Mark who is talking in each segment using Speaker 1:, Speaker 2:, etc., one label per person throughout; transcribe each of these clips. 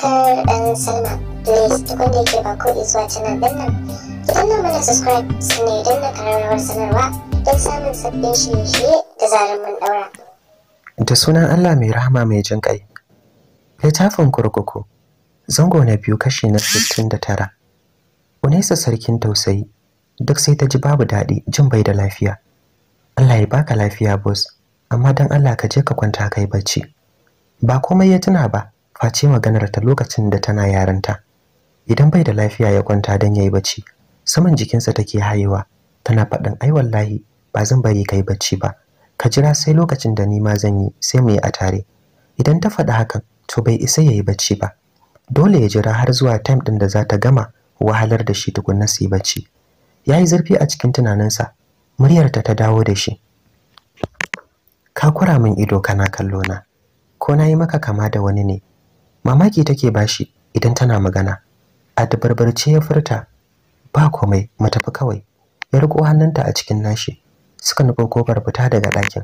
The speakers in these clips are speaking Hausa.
Speaker 1: subscribe and sign up. Please tukun da yake ba ko zuwa canal din nan. Ki danna mana subscribe sannan idan na kararrawar sanarwa don samun sabbin shirye-shirye da zarar mun daura. Da sunan Allah mai rahama mai jin ƙai. Littafin kurkuku. Zango na biyu kashi na 69. Unesa sarkin tausayi. Duk sai ta ji babu daɗi jin bai da lafiya. Allah ya baka lafiya boss. Amma don Allah ka je ka kwanta kai bacci. Ba komai ya tuna ba, face maganar ta lokacin da tana yaranta idan bai da lafiya ya kwanta don yayi bacci saman jikinsa take haihuwa. tana faɗin ai wallahi ba zan bari kai bacci ba ka jira sai lokacin da ni ma zan yi sai mu yi a tare idan ta faɗi hakan to bai isa yayi bacci ba dole ya jira har zuwa time ɗin da za ta gama wahalar da shi tukunna su yi bacci ya yi zurfi a cikin tunaninsa muryarta ta dawo da shi ka kura min ido kana kallo na ko na yi maka kama da wani ne mamaki take bashi idan tana magana a dabarbarce ya furta ba komai matafi kawai ya riko hannunta a cikin nashi suka nufi kofar fita daga ɗakin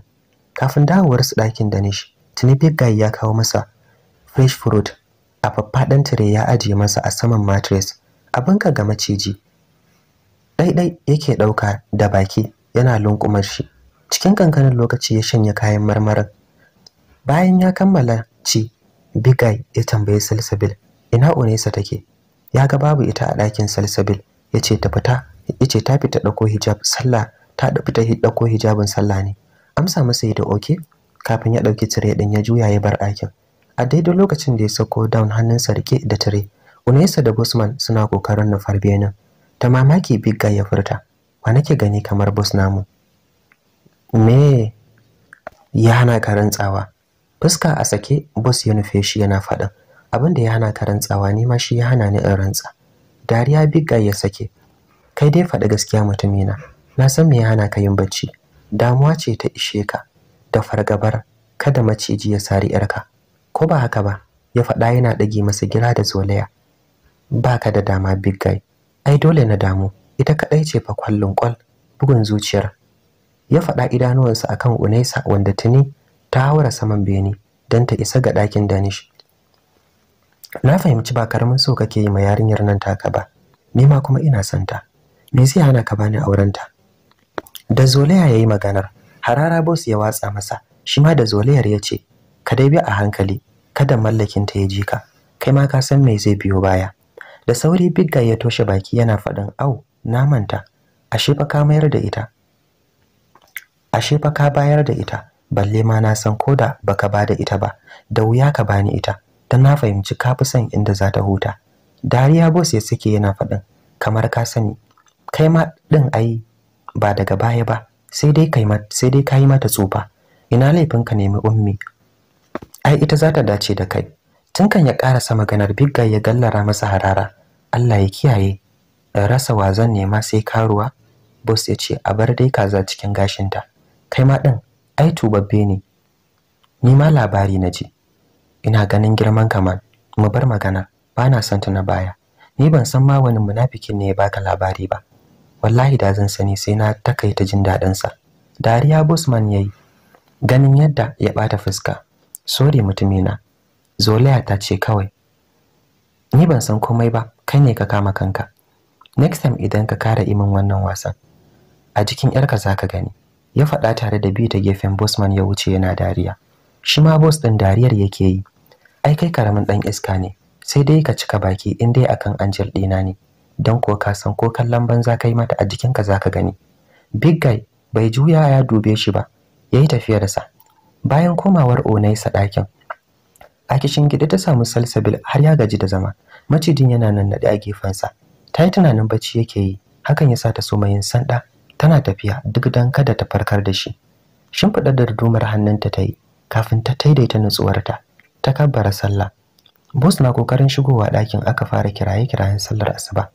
Speaker 1: kafin dawowar su ɗakin da nishi tuni big ya kawo masa fresh fruit a faffaɗan tire ya ajiye masa a saman mattress abin ka ga maciji ɗaiɗai yake ɗauka da baki yana lunkumar shi cikin kankanin lokaci ya shanya kayan marmarin bayan ya kammala ci Big ya tambayi Salsabil, ina Unesa take? Ya ga babu ita a ɗakin Salsabil, yace ce ta fita, yace ta fita ɗauko hijab sallah, ta fita ɗauko hijabin sallah ne. Amsa masa da oke, kafin ya ɗauki tire ɗin ya juya ya bar ɗakin. A daidai lokacin da ya sako down hannunsa rike da tire, Unesa da Bosman suna kokarin na benin. Ta mamaki Big Guy ya furta, wa nake gani kamar bos namu? Me ya hana ka rantsawa? fuska a sake bus ya nufe shi yana faɗin abin da ya hana ka rantsawa ni ma shi ya hana ni in rantsa dariya bigga ya sake kai dai faɗi gaskiya mutumina na san me ya hana ka yin bacci damuwa ce ta ishe ka da fargabar kada maciji ya sari yarka ko ba haka ba ya faɗa yana ɗage masa gira da zolaya baka da dama big guy ai dole na damu ita kaɗai ce fa kwallon kwal bugun zuciyar ya faɗa idanuwansa akan unaisa wanda tuni ta haura saman bene don ta isa ga ɗakin danish na fahimci ba karamin so kake yi ma yarinyar nan taka ba ni ma kuma ina son ta me zai hana ka bani aurenta da zolaya ya yi maganar harara Bos ya watsa masa shi ma da zolayar ya ce ka dai bi a hankali kada mallakin ta ya ji ka kai ma ka san me zai biyo baya da sauri bigga ya toshe baki yana faɗin au na manta ashe fa ka mayar da ita ashe fa ka bayar da ita balle ma na san ko da baka da ita ba da wuya ka bani ita dan na fahimci ka fi son inda za ta huta dariya boss ya suke yana faɗin kamar ka sani kai ma ɗin ai ba daga baya ba sai dai kai sai dai kai mata tsufa ina laifin ka nemi ummi ai ita za ta dace da kai tun kan ya karasa maganar bigga ya gallara masa harara Allah ya kiyaye rasa wazan nema sai karuwa boss ya ce a bar dai kaza cikin gashinta kai ma ɗin ai tubabbe ne ni ma labari na ji ina ganin girman kamar. mu bar magana ba na son ta na baya ni ban san ma wani munafikin ne ya baka labari ba wallahi da zan sani sai na takaita jin daɗin sa dariya bosman yayi ganin yadda ya bata fuska sorry mutumina zolaya ta ce kawai ni ban san komai ba kai ne ka kama kanka next time idan ka kara imin wannan wasan a jikin yarka zaka gani ya faɗa tare da biyu ta gefen bosman ya wuce yana dariya shi ma bos ɗin dariyar yake yi ai kai karamin ɗan iska ne sai dai ka cika baki in dai akan angel ɗina ne don ko ka san ko kallon banza kai mata a jikinka za ka gani big guy bai juya ya dube shi ba ya yi sa. bayan komawar onaisa ɗakin a kishin gida ta samu salsabil har ya gaji da zama macijin yana nannaɗe a gefensa ta yi tunanin bacci yake yi hakan ya sa ta so yin sanda tana tafiya duk dan kada ta farkar da shi shimfiɗa da rudumar hannunta ta yi kafin ta taidaita nutsuwarta ta kabbara sallah Bus na kokarin shigowa dakin aka fara kiraye-kirayen sallar asuba.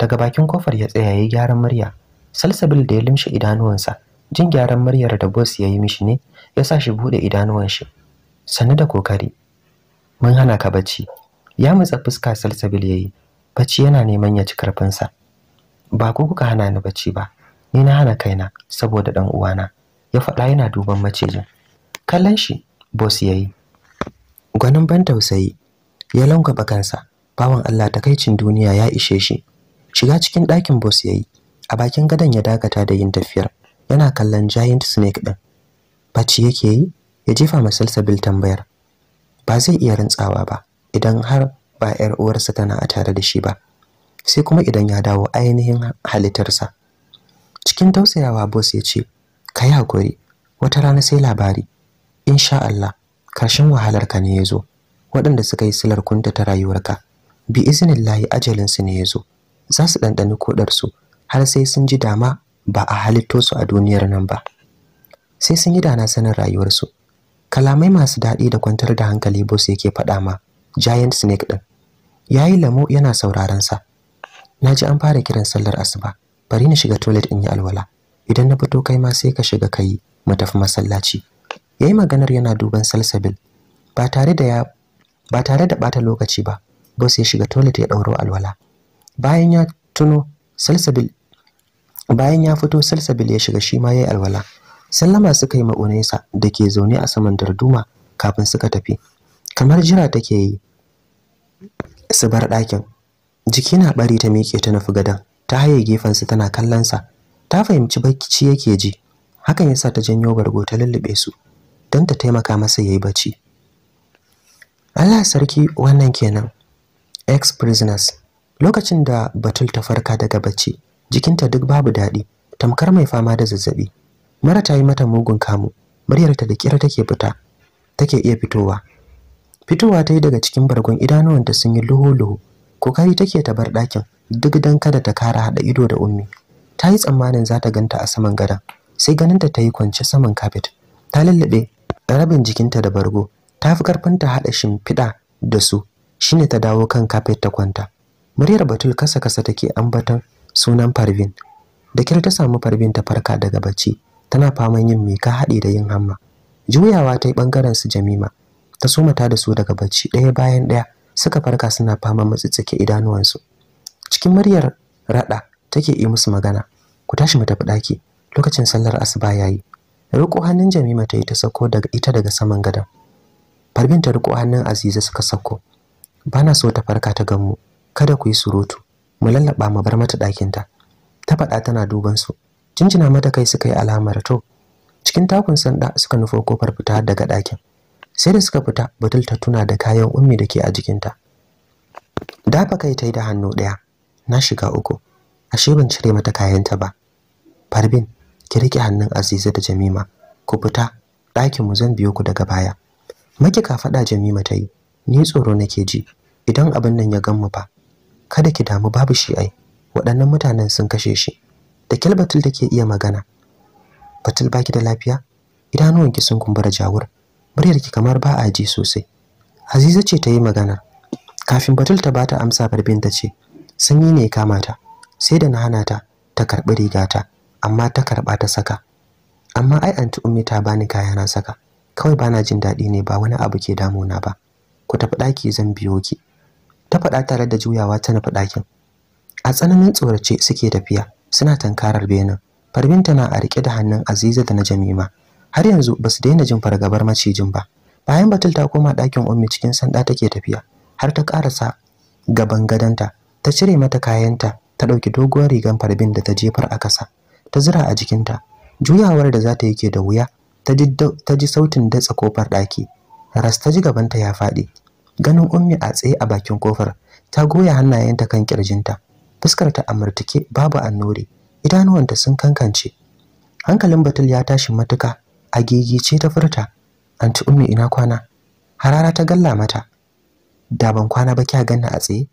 Speaker 1: Daga bakin kofar ya tsaya ya gyaran murya. Salsabil da ya limshe idanuwansa, jin gyaran muryar da bus ya yi mishi ne, ya sa shi buɗe idanuwan shi. Sannu da kokari. Mun hana ka bacci. Ya mutsa fuska Salsabil ya yi. Bacci yana neman ya ci karfinsa. Ba ku kuka hana ni bacci ba. ni na hana kaina saboda dan uwana ya faɗa yana duban macijin kallon shi boss yayi gwanin ban tausayi ya langwaba kansa bawan Allah takaicin duniya ya ishe shi shiga cikin ɗakin boss yayi a bakin gadon ya dakata da yin tafiyar yana kallon giant snake din bacci yake yi ya jefa salsabil tambayar ba zai iya rantsawa ba idan har ba 'yar uwarsa tana a tare da shi ba sai kuma idan ya dawo ainihin halittarsa cikin tausayawa boss ya ce ka yi hakuri wata rana sai labari insha Allah karshen wahalarka ne ya zo waɗanda suka yi silar kunta ta rayuwarka bi izinin layi ajalinsu ne ya zo za su ɗanɗani koɗarsu har sai sun ji dama ba a halitto su a duniyar nan ba sai sun yi dana sanin rayuwarsu kalamai masu daɗi da kwantar da hankali boss yake faɗa ma giant snake ɗin Ya yi lamo yana sauraron sa Na ji an fara kiran sallar asuba bari na shiga toilet in yi alwala idan na fito kai ma sai ka shiga kai mu tafi masallaci yayi maganar yana duban salsabil ba tare da ya ba tare da bata lokaci ba boss ya shiga toilet ya dauro alwala bayan ya tuno salsabil bayan ya fito salsabil ya shiga shi ma yayi alwala sallama suka yi ma'unesa da ke zaune a saman darduma kafin suka tafi kamar jira take yi su bar ɗakin jiki na bari ta miƙe ta nufi gadon ta haye gefensa tana kallonsa ta fahimci bacci yake ji hakan yasa ta janyo bargo ta lullube su don ta taimaka masa yayi bacci Allah sarki wannan kenan ex prisoners lokacin da batul ta farka daga bacci jikinta duk babu daɗi tamkar mai fama da zazzabi mara ta yi mata mugun kamu muryarta da kira take fita take iya fitowa fitowa ta yi daga cikin bargon idanuwanta sun yi luhu-luhu kokari take ta bar ɗakin duk dan kada ta kara hada ido da ummi ta yi tsammanin za ta ganta a saman gadon sai ganinta ta yi kwance saman kafet ta lallabe rabin jikinta da bargo ta fi karfin ta shimfiɗa da su shine ta dawo kan kafet ta kwanta muryar batul kasa kasa take ambaton sunan parvin da kyar ta samu parvin ta farka daga bacci tana faman yin ka haɗi da yin hamma juyawa ta yi ɓangaren su jamima ta soma ta da su daga bacci ɗaya bayan ɗaya suka farka suna faman mutsitsike idanuwansu cikin muryar rada take yi musu magana ku tashi mu tafi daki lokacin sallar asuba yayi riko hannun Jamima ta yi ta sako daga ita daga saman gadon Farbin ta riko hannun Aziza suka sako bana so ta farka ta ganmu kada ku yi surutu mu lallaba mu bar mata ɗakinta. ta ta fada tana duban su jinjina mata kai suka yi alamar to cikin takun sanda suka nufo kofar fita daga ɗakin sai da suka fita batul ta tuna da kayan ummi da ke a jikinta dafa kai ta yi da hannu ɗaya na shiga uku ashe ban cire mata kayanta ba farbin ki rike hannun aziza da jamima ku fita ɗakin mu zan biyo ku daga baya maki ka faɗa jamima ta yi ni tsoro nake ji idan abin nan ya gan mu fa kada ki damu babu shi ai waɗannan mutanen sun kashe shi da kilbatul take iya magana batul baki da lafiya idanuwanki sun kumbura jawur muryarki kamar ba a ji sosai aziza ce ta yi maganar kafin batul ta bata amsa farbin ta ce sanyi ne kama ta sai da na hana ta ta karɓi rigata amma ta karɓa ta saka amma ai anti ummi ta bani kaya na saka kawai bana jin daɗi ne ba wani abu ke damuna ba ku tafi ɗaki zan biyo ki ta faɗa tare da juyawa ta nufi ɗakin a tsananin tsorace suke tafiya suna tankarar benin farbin na a riƙe da hannun aziza da na jamima har yanzu ba su daina jin fargabar macijin ba bayan batul ta koma ɗakin ummi cikin sanda take tafiya har ta ƙarasa gaban gadonta ta cire mata kayanta ta ɗauki doguwar rigar farbin da ta jefar a ƙasa ta zira a jikinta juyawar da za ta yake da wuya ta ji sautin datsa kofar ɗaki ras ta ji gabanta ya faɗi ganin ummi a tsaye a bakin kofar ta goya hannayenta kan kirjinta fuskar ta amurtuke babu annore idanuwanta sun kankance hankalin batul ya tashi matuka a gigice ta furta anti ummi ina kwana harara ta galla mata da ban kwana ba kya ganna a tsaye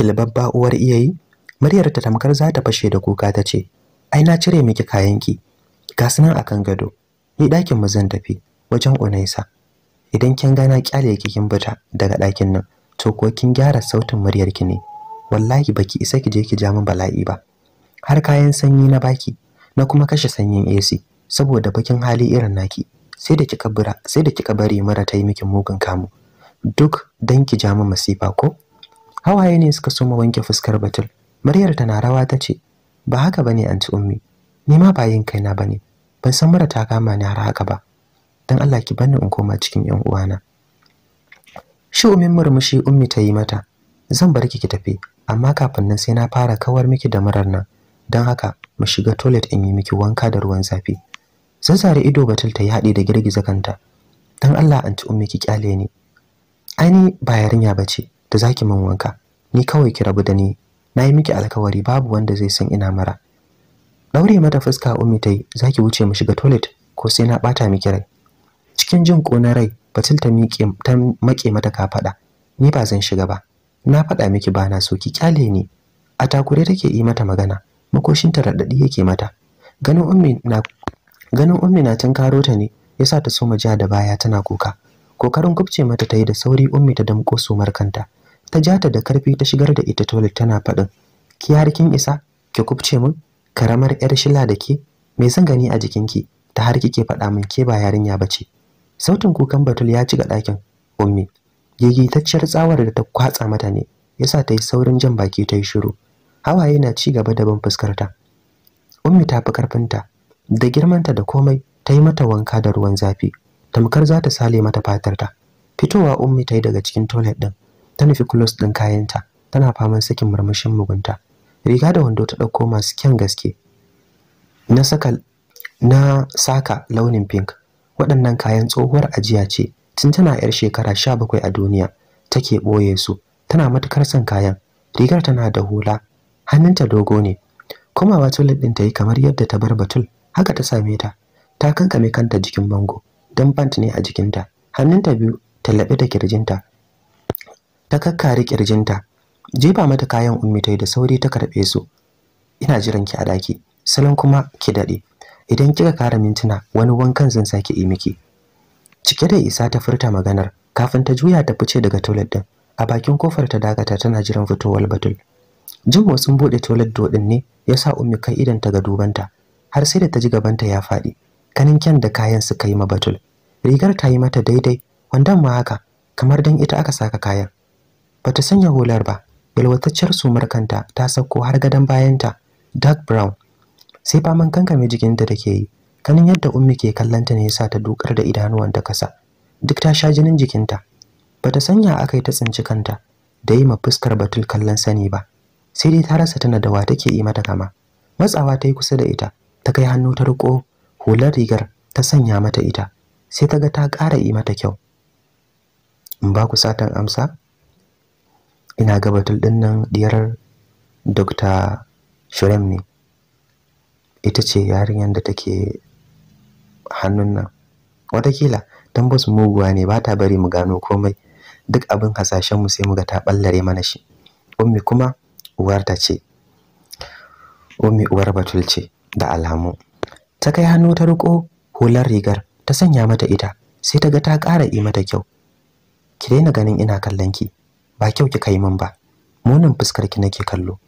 Speaker 1: kilbabba uwar iyayi muryar ta tamkar za ta fashe da kuka ta ce ai na cire miki kayanki ga sunan akan gado ni dakin mu zan tafi wajen unaisa idan kin gana kyale ki kin buta daga ɗakin nan to ko kin gyara sautin muryar ki ne wallahi baki isa ki je ki ja min bala'i ba har kayan sanyi na baki na kuma kashe sanyin AC saboda bakin hali irin naki sai da kika bura sai da kika bari mara ta miki mugun kamu duk dan ki ja min masifa ko hawaye ne suka soma wanke fuskar batul muryar tana rawa ta ce ba haka bane anti ummi ni ma ba yin kaina bane ban san mara ta kama ni har haka ba dan Allah ki bani in koma cikin yan uwana shi umin murmushi ummi ta yi mata zan barki ki tafi amma kafin nan sai na fara kawar miki da murar nan dan haka mu shiga toilet in yi miki wanka da ruwan zafi zazzare ido batul ta yi haɗi da girgiza kanta dan Allah anti ummi ki kyale ni Ani, ba yarinya bace da zaki min wanka ni kawai ki rabu da ni na yi miki alkawari babu wanda zai san ina mara daure mata fuska ummi tai zaki wuce mu shiga toilet ko sai na bata miki rai cikin jin kona rai batil ta miƙe ta make mata kafada ni ba zan shiga ba na faɗa miki bana so ki kyale ni a takure take yi mata magana makoshin makoshinta raɗaɗi yake mata ganin ummi na ganin ummi na karo ta ne yasa ta so soma ja da baya tana kuka kokarin kubce mata ta yi da sauri ummi ta damƙo markanta. kanta ta ja ta da karfi ta shigar da ita toilet tana faɗin ki har kin isa ki kubce min karamar yar shila da ke me zan gani a jikinki ta har kike faɗa min ke ba yarinya bace sautin kukan batul ya ci ga ɗakin ummi gigitacciyar tsawar da ta kwatsa mata ne yasa ta yi saurin jan baki ta yi shiru hawaye na ci gaba da ban fuskarta ummi ta fi karfinta da girmanta da komai ta yi mata wanka da ruwan zafi tamkar za ta sale mata fatarta fitowa ummi ta yi daga cikin toilet ɗin. ta nufi kulos ɗin kayanta tana faman sakin murmushin mugunta riga da wando ta ɗauko masu kyan gaske na saka launin pink waɗannan kayan tsohuwar ajiya ce tun tana yar shekara sha bakwai a duniya take ɓoye su tana matukar son kayan rigar tana da hula hannunta dogo ne komawa tulet ɗin ta yi kamar yadda ta bar batul haka ta same ta ta kankame kanta jikin bango don bant ne a jikinta hannunta biyu tallafi, da kirjinta ta kakkare kirjinta jefa mata kayan ummi ta da sauri ta karɓe su ina jiran ki a daki salon kuma ki daɗe idan kika kara mintuna wani wankan zan sake yi miki cike da isa ta furta maganar kafin ta juya ta fice daga toilet din a bakin kofar ta dakata tana jiran fitowar batul jin motsin bude toilet do din ne ya sa ummi kai idan ta ga dubanta har sai da ta ji gabanta ya faɗi kanin kyan da kayan suka yi ma batul rigar ta yi mata daidai wandan ma haka kamar dan ita aka saka kayan ba ta sanya hular ba yalwatacciyar sumar kanta ta sauko har gadon bayanta dark brown sai faman kankame jikinta da ke yi Kanin yadda ummi ke kallonta ne yasa ta dukar da idanuwan ta kasa duk ta sha jinin jikinta Ba ta sanya aka yi ta tsinci kanta da yi ma fuskar batul kallon sani ba sai dai ta rasa tana da wa take yi mata kama matsawa ta yi kusa da ita ta kai hannu ta riko hular rigar ta sanya mata ita sai ta ga ta ƙara yi mata kyau in ba ku satan amsa ina ga batul ɗinnan nan diyar dr shurem ne ita ce yarinyar da take hannun nan watakila tambas muguwa ne ba ta bari mu gano komai duk abin hasashenmu sai muga ta ɓallare mana shi ummi kuma uwarta ce ummi uwar batul ce da alamu ta kai hannu ta riko hular rigar ta sanya mata ita sai ta ga ta ƙara yi mata kyau ki daina ganin ina kallon ki ba kyau kika yi min ba munin fuskar ki nake kallo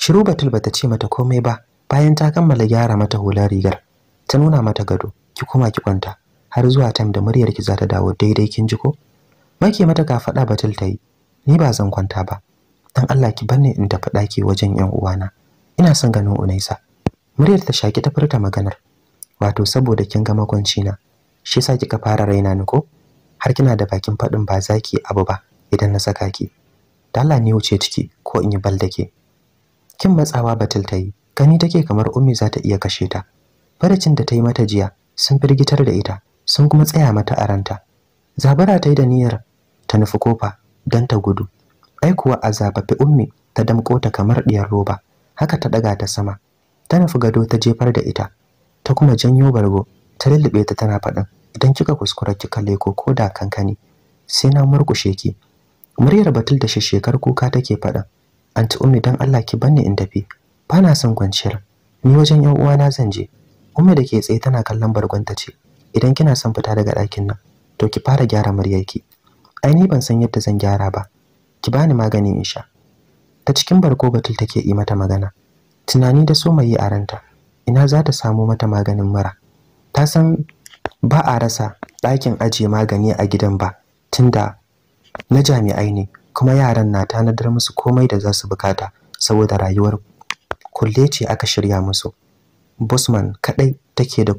Speaker 1: shiru batul bata ce mata komai ba bayan ta kammala gyara mata hular rigar ta nuna mata gado ki koma ki kwanta har zuwa tam da muryar ki za ta dawo daidai kin ji ko make mata ka fada batul ta yi ni ba zan kwanta ba dan Allah ki banne in tafi ɗaki wajen yan uwana ina son ganin Unaisa muryar ta shaki ta furta maganar wato saboda kin ga makwanci na shi yasa kika fara raina ni ko har kina da bakin faɗin ba zaki abu ba idan na saka ki dala ne wuce ciki ko in yi bal kin matsawa batul ta yi gani take kamar ummi za ta iya kashe ta farcin da ta yi mata jiya sun firgitar da ita sun kuma tsaya mata a ranta zabara ta da niyyar ta nufi kofa don ta gudu ai kuwa a zababbe ummi ta damko ta kamar diyar roba haka ta ɗaga ta sama ta nufi gado ta jefar da ita ta kuma janyo bargo ta lullube ta tana faɗin idan kika kuskura kika leko ko da kankani sai na murkushe ki muryar batul da shekar kuka take faɗin. anti ummi dan Allah ki banni in tafi Bana son kwanciyar ni wajen yan uwana zan je ummi da ke tsaye tana kallon bargwanta ce idan kina son fita daga ɗakin nan to ki fara gyara muryarki ai ni ban san yadda zan gyara ba ki bani magani in sha ta cikin barko batul take yi mata magana tunani da so mai a ranta ina za ta samu mata maganin mura ta san ba a rasa ɗakin ajiye magani a gidan ba tunda na jami'ai ne kuma yaran na tanadar musu komai da za su bukata saboda rayuwar kulle ce aka shirya musu busman kadai take da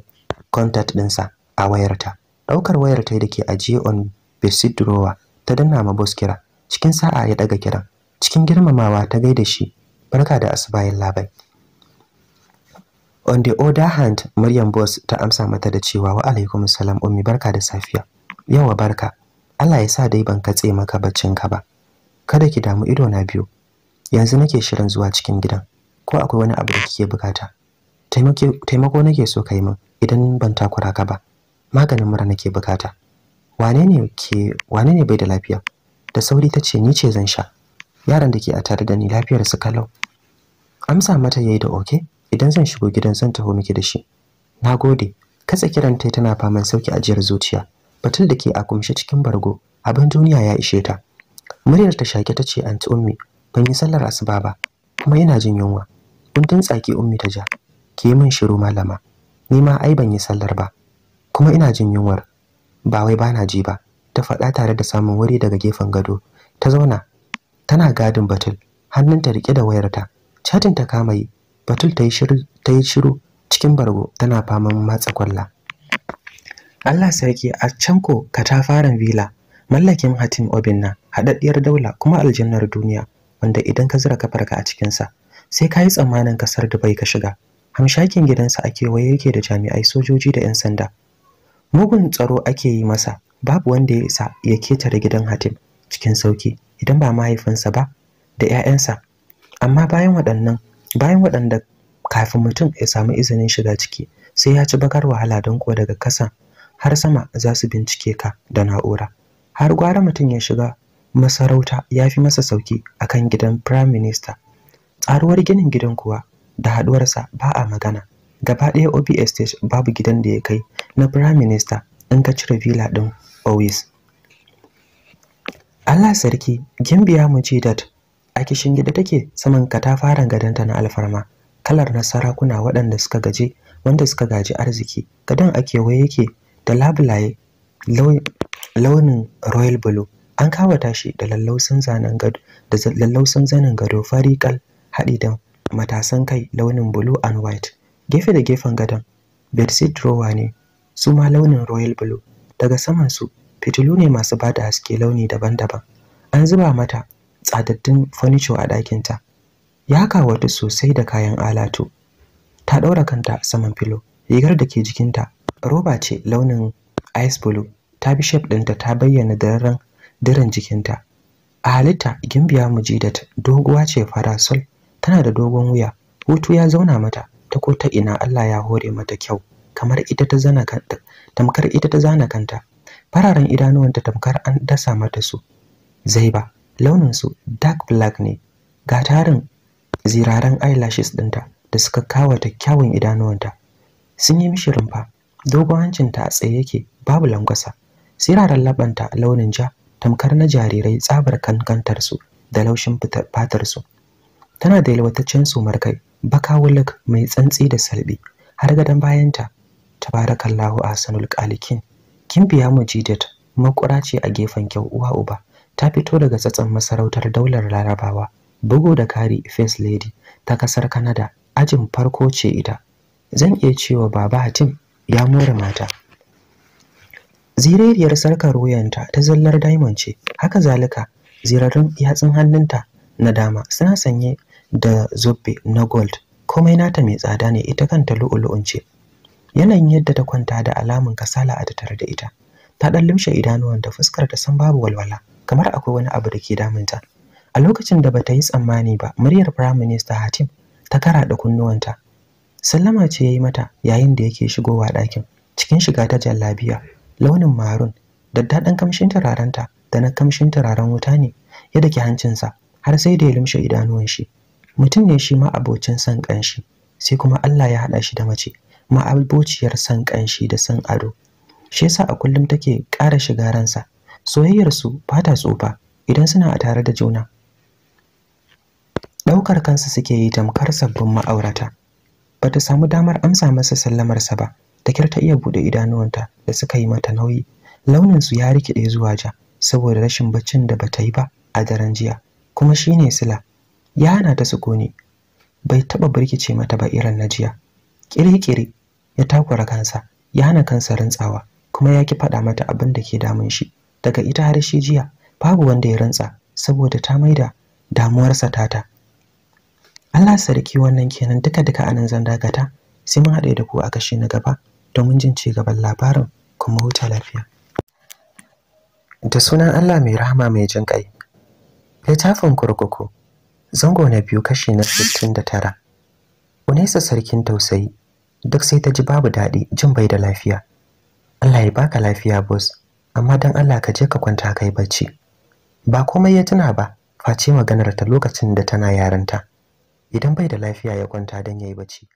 Speaker 1: contact dinsa a wayarta daukar wayar ta da ke ajiye on basic drawer ta danna ma boss kira cikin sa'a ya daga kiran cikin girmamawa ta gaida shi barka da asubahin labai on the other hand Maryam boss ta amsa mata da cewa wa alaikum salam ummi barka da safiya yawa barka Allah ya sa dai ban katse maka baccinka ba kada ki damu ido na biyu yanzu nake shirin zuwa cikin gidan ko akwai wani abu da kike bukata taimako nake so kai min idan ban takura ka ba maganin mura nake bukata wane ne ke wane ne bai da lafiya da sauri ta ce ni ce zan sha yaran da ke a tare da ni lafiyar su kalau amsa mata yayi da oke idan zan shigo gidan zan taho miki da shi nagode katsa kiranta tana faman sauki ajiyar zuciya batun da ke a kumshe cikin bargo abin duniya ya ishe ta muryar ta shake ta ce anti ummi ban yi sallar asuba ba kuma ina jin yunwa kuntun tsaki ummi ta ja ke min shiru malama ni ma ai ban yi sallar ba kuma ina jin yunwar ba wai bana ji ba ta faɗa tare da samun wuri daga gefen gado ta zauna tana gadin batul hannunta riƙe da wayarta chatin ta kama yi batul ta yi shiru cikin bargo tana faman matsa kwalla Allah sarki a can ko katafaren vila mallakin Hatim Obinna haɗaɗɗiyar daula kuma aljannar duniya wanda idan ka zura kafarka a cikinsa sai ka yi tsammanin kasar Dubai ka shiga hamshakin gidansa a kewaye yake da jami'ai sojoji da 'yan sanda mugun tsaro ake yi masa babu wanda ya isa ya ketare gidan Hatim cikin sauki idan ba mahaifinsa ba da 'ya'yansa amma bayan waɗannan bayan waɗanda kafin mutum ya samu izinin shiga ciki sai ya ci bakar wahala don kuwa daga kasa har sama za su bincike ka da na'ura har gwara mutum ya shiga masarauta ya fi masa sauki kan gidan prime minister tsaruwar ginin gidan kuwa da haduwarsa ba a magana gaba ɗaya OBS estate babu gidan da ya kai na prime minister in ka cire villa ɗin always allah sarki gimbiya mu dat a kishin gida take saman katafaren gadonta na alfarma kalar na sarakuna waɗanda suka gaji wanda suka gaji arziki gadon a kewaye yake da labulaye launin royal blue an kawata shi da lallausan zanen gado da lallausan zanen gado fari kal haɗi da matasan kai launin blue and white gefe da gefen gadon bedsheet drawer ne su ma launin royal blue daga saman su fitilu ne masu bada haske launi daban-daban an zuba mata tsadaddun furniture a ɗakinta ya kawata sosai da kayan alatu ta ɗaura kanta saman filo rigar da ke jikinta roba ce launin ice blue ta bi shape ɗinta ta bayyana daren diran jikinta a halitta gimbiya mujidat doguwa ce farasol tana da dogon wuya hutu ya zauna mata ta ko ta ina Allah ya hore mata kyau kamar ita ta zana kanta tamkar ita ta zana kanta fararen idanuwanta tamkar an dasa mata su zaiba launin su dark black ne ga tarin ziraren eyelashes ɗinta da suka kawata kyawun idanuwanta sun yi mishi rumfa dogon ta a tsaye yake babu langwasa siraran labanta launin ja tamkar na jarirai tsabar kankantarsu da laushin fatarsu tana da yalwataccen sumar kai baka wulak mai tsantsi da salbi har gadon ta tabarakallahu ahsanul qalikin kimbiya mujidat makura ce a gefen kyau uwa uba ta fito daga tsatsan masarautar daular larabawa bugu da kari first lady ta kasar canada ajin farko ce ita zan iya cewa baba hatim ya more mata zireriyar sarkar wuyanta ta zallar diamond ce haka zalika zirarun yatsun hannunta na dama suna sanye da zobe na gold komai nata mai tsada ne ita kanta lu'ulu'un ce yanayin yadda ta kwanta da alamun kasala a tattare da ita ta dan limshe idanuwan da fuskar ta san babu walwala kamar akwai wani abu da ke damunta a lokacin da bata yi tsammani ba muryar prime minister Hatim ta kara da kunnuwanta sallama ce ya yi mata yayin da yake shigowa ɗakin cikin shiga ta jallabiya launin marun da daɗin kamshin turarenta da na kamshin turaren wuta ne ya dake hancinsa har sai da ya lumshe idanuwan shi mutum ne shi ma abocin san ƙanshi sai kuma Allah ya haɗa shi da mace ma abociyar son ƙanshi da san ado shi yasa a kullum take ƙara shiga ransa soyayyarsu ba ta tsufa idan suna a tare da juna ɗaukar kansa suke yi tamkar sabbin ma'aurata bata samu damar amsa masa sallamarsa ba da kyar ta iya buɗe idanuwanta da suka yi mata nauyi launin su ya rikide zuwa ja saboda rashin baccin da bata yi ba a daren jiya kuma shine sila ya hana ta su kone bai taba birkice mata ba irin na jiya kirkire ya takura kansa ya hana kansa rantsawa kuma ya ki faɗa mata abin da ke damun shi daga ita har shi jiya babu wanda ya rantsa saboda ta maida damuwarsa tata Allah sarki wannan kenan duka duka nan zan dakata sai mun haɗe da ku a kashi na gaba domin jin ci gaban labarin kuma huta lafiya da sunan Allah mai rahama mai jin kai littafin kurkuku zango na biyu kashi na 69 Unesa sarkin tausayi duk sai ta ji babu daɗi jin bai da lafiya Allah ya baka lafiya boss amma dan Allah ka je ka kwanta kai bacci ba komai ya tuna ba face maganar ta lokacin da tana yaranta idan bai da lafiya ya kwanta don ya yi bacci